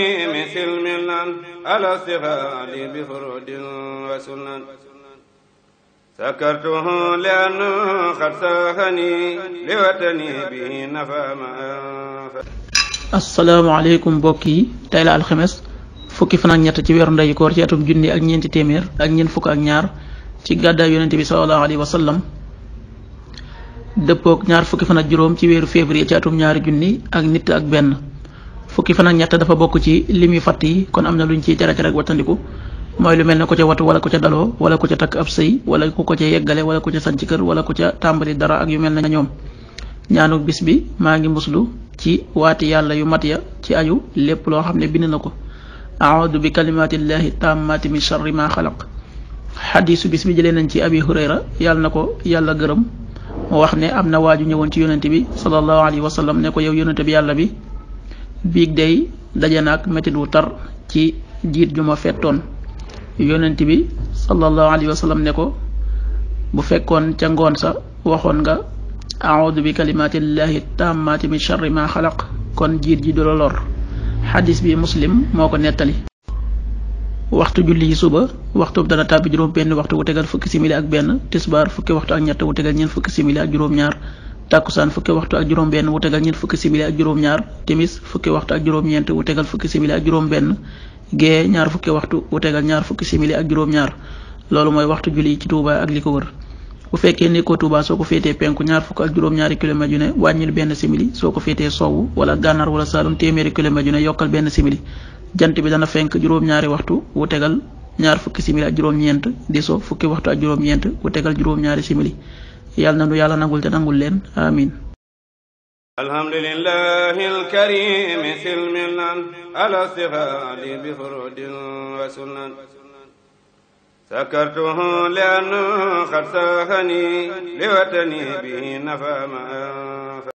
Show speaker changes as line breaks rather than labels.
مثل منن على
mbokk yi tey la alxemes fukki fan ñett ci weeru ndeyu koor ci atum junni ak ñeenti téeméer ak ñeent fukk ak ñaar ci gàddaay yonente bi sallallahu alayhi wa sallam ñaar fukki fan ak juróom ci weeru février ci atum ñaari junni ak nit ak benn fukki fan ak ñett dafa bokk ci lim yu fatt yi kon am na luñ ciy tere ak wattandiku mooy lu mel ne ko ca watu wala ko ca daloo wala ko ca takk ab sëy wala ku ko ca yeggale wala ko ca sanc kër wala ko ca tàmbali dara ak yu mel ne ñoom ñaanu bis bi maa ngi muslu ci waati yàlla yu mat ya ci aju lépp loo xam ne bind na ko aawdu bi kalimatillahi tammati min charri ma xalaq xadisu bis bi jëlee nañ ci abi hurayra yàlla na ko yàlla gërëm mu wax ne am na waaju ñëwoon ci yonente bi sallallahu alayhi wa sallam ne ko yow yonente bi yàlla bi biig day daje naag métit wu tar ci jiit ju ma fettoon yonent bi sallallahu alayhi wa ne ko bu fekkoon ca ngoon sa waxoon nga audu bi kalimatillahi tammaati min charri ma xalaq kon jiir ji du la lor xadis bi muslim moo ko nettali waxtu julli yi suba waxtu dana tàbbi juróom benn waxtu wu tegal fukki simili ak benn tisbaar fukki waxtu ak ñett wu tegal ñeent fukki simili ak juróom ñaar takkusaan fukki waxtu ak juróom benn wu tegal ñeent fukki simili ak juróom ñaar timis fukki waxtu ak juróom ñeent wu tegal fukki benn gée ñaar fukki waxtu wu tegal ñaar fukki simili ak juróom ñaar loolu mooy waxtu julli ci Touba ak li ko wër bu fekkee ni ko Touba soo ko féetee penku ñaar fukk ak juróom-ñaari kilomètres ne wàññil benn simili soo ko féetee sowwu wala gànnaar wala saalum téeméeri kilomètres yu ne yokkal benn simili jant bi dana fenk juróom-ñaari waxtu wu tegal ñaar fukki simili juróom-ñeent di so fukki waxtu ak juróom-ñeent wu tegal juróom-ñaari simili yàlla na nu yàlla nangul te nangul leen amin
sakartuhu lian qad sahani liwatani bihi nafa